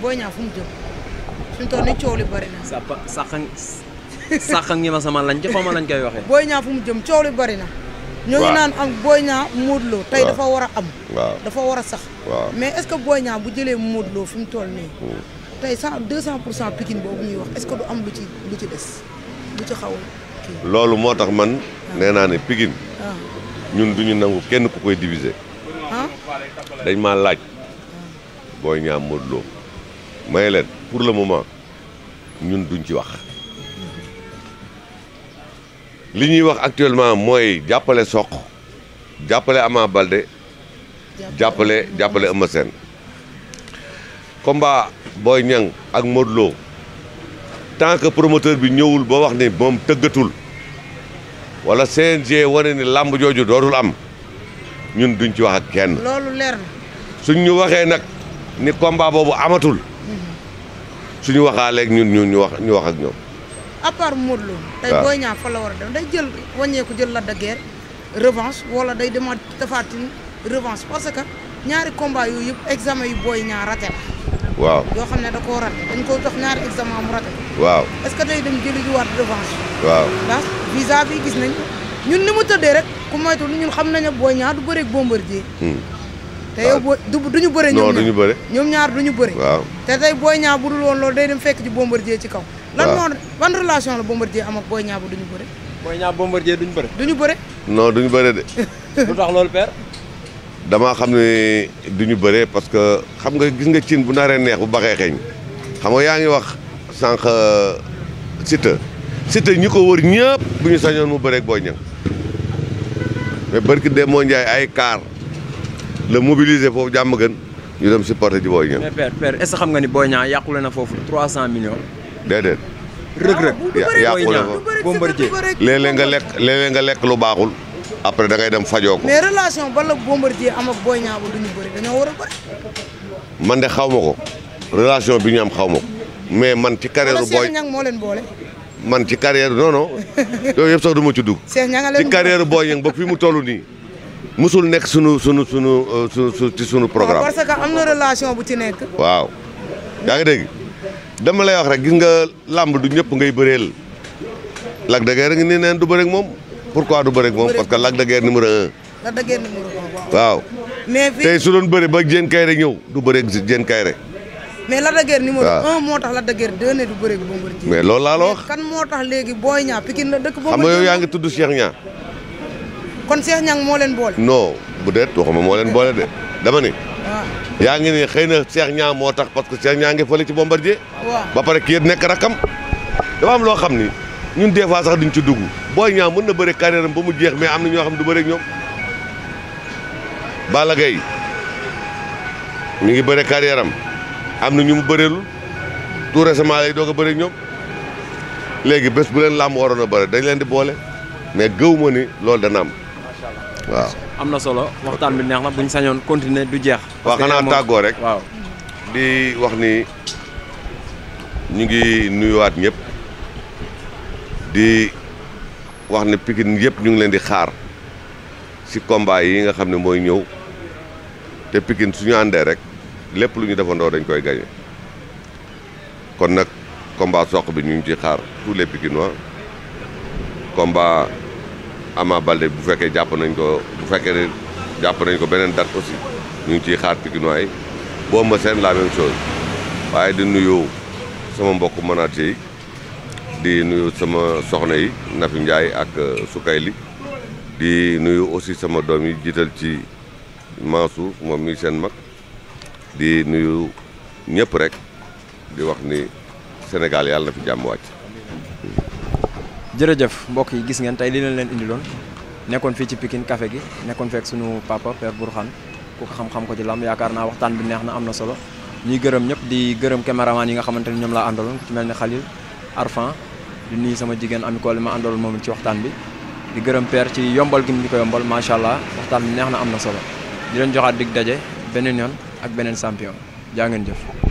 booy Niang fu mu jëm suñ toll ni coow li bëri na. sàq sàq ngi ma sama lañ ci xaw ma lañ koy waxee. booy Niang fu mu jëm coow li bëri na. ñoo ngi naan am Boy ñaa Modou Lo tey dafa war a am. dafa war a sax. mais est-ce que Boy Niang bu jëlee Modou Lo fi mu toll nii. Hmm. tey cent deux cent pour cent Pikine boobu ñuy wax est-ce que du am lu ci ci des lu ci xaw kii. loolu moo tax man ah. nee naa ne Pikine. Ah. ñun duñu nangu kenn ku koy diviser. Ah. dañ maa laaj. Boy Niang Modou Lo maye leen pour le moment ñun duñ ci wax li ñuy wax actuellement mooy jàppale soq jàppale Ama balde jàppale jàppale Eumeu Sène combat Boy Niang ak Modou Lo tant que promoteur bi ñëwul boo wax ni moom tëggatul wala CNG wane ni làmb jooju dootul am ñun duñ ci wax ak kenn. suñ ñu waxee nag ni combat boobu amatul. su suñu waxaaleeg ñun ñun ñu wax ñu wax ak ñoom. à part Modou Lo. tey Boy Niang fa la war a day jël ku jël Lac de Guiers revanche wala day dem a Tine revanche parce que ñaari combat yooyu yëpp examen yu booy Niang raté waaw yoo xam ne da koo raté dañ koo jox ñaari examen mu raté. waaw est que day dem jëli ju waat revanche. waaw ndax visa bi gis nañ ñun ni mu tëddee rek ku moytuwul ñun xam nañ ne Boy Niang du bëreeg Bombardier hmm. te yow boo du ñu bëre ñoom duñu bëre ñoom ñaar duñu bëre waaw te tey Boy Niang bu dul woon loolu day dem fekk ci jee ci kaw lan moo ban relation la Bombardier am ak Boy Niang bu ñu bëre Boy Niang Bombardier duñu bëre duñu bëre non duñu bëre de lu tax loolu père damaa xam ne duñu bëre parce que xam nga gis nga cin bu naree neex bu baxeexeeñ xam nga yaa ngi wax sànq euh, Siteu Siteu ñi ko wër ñëpp bu ñu sañoon mu bëreeg Boy Niang mais barki de moo Ndiaye ay kaar la mobiliser foofu jàmm gën ñu dem si ji Boy Niang. mais père père est ce que xam nga ni Boy Niang yàqule na foofu 300 millions. déedéet. Reug Reug yàqule na fa Bombardier léeg nga lekk nga lekk lu baaxul. après da ngay dem fajoo ko. mais relation ba la Bombardier am ak ba du ñu bëri man de xaw ma ko relation bi ñu am xaw ma ko mais man ci carrière booy Niang moo leen boole. man ci carrière non yooyu yëpp sax du ma ci dugg. ci carrière Boy Niang ba fi mu toll nii. musul nekk sunu sunu sunu euh, sunu ci sunu programme. parce que relation bu ci nekk. waaw yaa ngi dégg dama lay wax rek gis nga làmb du ñëpp ngay bëreel Lac de Guiers rek ni neen du bëreeg moom pourquoi du bëreeg moom parce que Lac de Guiers numéro un. Lac de Guiers numéro waaw. tey su doon bëri ba Diène Kaïré ñëw du bëreeg si Diène Kaïré. mais Lac de Guiers numéro un moo tax Lac de Guiers deux ne du bëreeg Bombardier mais loolu laa la wax. kan moo tax léegi Boy Niang Pikine la dëkk Bombardier xam nga yaa ngi tudd Cheikh Niang. kon Cheikh Niang moo leen boole. non bu deet waxuma moo leen boole de dama ni. Ah. yaa ngi ne xëy na Cheikh Niang moo tax parce que Cheikh Niang ngi fële ci Bombardier. ba pare kii nekk rakam. dafa am loo xam ni ñun des fois sax duñu ci dugg Boy Niang mën na bëre carrière am ba mu jeex mais am na ñoo xam du bëre ak ñoom. Balla Gaye mi ngi bëre carrière am am na ñu mu bëreelul tout récemment lay doog a bëre ak ñoom léegi bés bu leen làmb waroon a bëre dañ leen di boole mais gëw ma ni loolu dana am. waaw am na solo waxtaan bi neex na bu sañoon continuer du jeex. waaw xanaa tàggoo rek waaw. di wax ni ñu ngi nuyuwaat ñëpp di wax ne Pikine yëpp ñu ngi leen di xaar si combat yi nga xam ne mooy ñëw te Pikine suñu àndee rek lépp lu ñu defandoo dañ koy gañe kon nag combat soq bi ñu ngi ci xaar tous les Pikinois combat. Ama Baldé bu fekkee jàpp nañ ko bu fekkee ne jàpp nañ ko beneen date aussi ñu ngi ciy xaar Pikinois yi boo ma seen la même chose waaye di nuyu sama mbokk manaate yi di nuyu sama soxna yi Nafi njaay ak euh, Soukayli di nuyu aussi sama doom yi jiital ci Mansour moom mi seen mag di nuyu ñëpp rek di wax ni Sénégal yàlla na fi jàmm wàcc jërëjëf mbokk yi gis ngeen tey li leen leen indiloon nekkoon fii ci pikin kafe gi nekkoon fekk suñu papa Père Bourkhane ku ko xam-xam ko ci lam yaakaar naa waxtaan bi neex na am na solo ñuy gërëm ñëpp di gërëm caméraman yi nga xamante ni ñoom laa àndaloon ku ci mel ni Khalil Arfan di nuyu sama jigéen Ami Kolle ma àndaloon moom ci waxtaan bi di gërëm Père ci yombal gi ñu ko yombal macha allah waxtaan bi neex na am na solo di leen joxaat dig daje beneen yoon ak beneen champion jaa ngeen jëf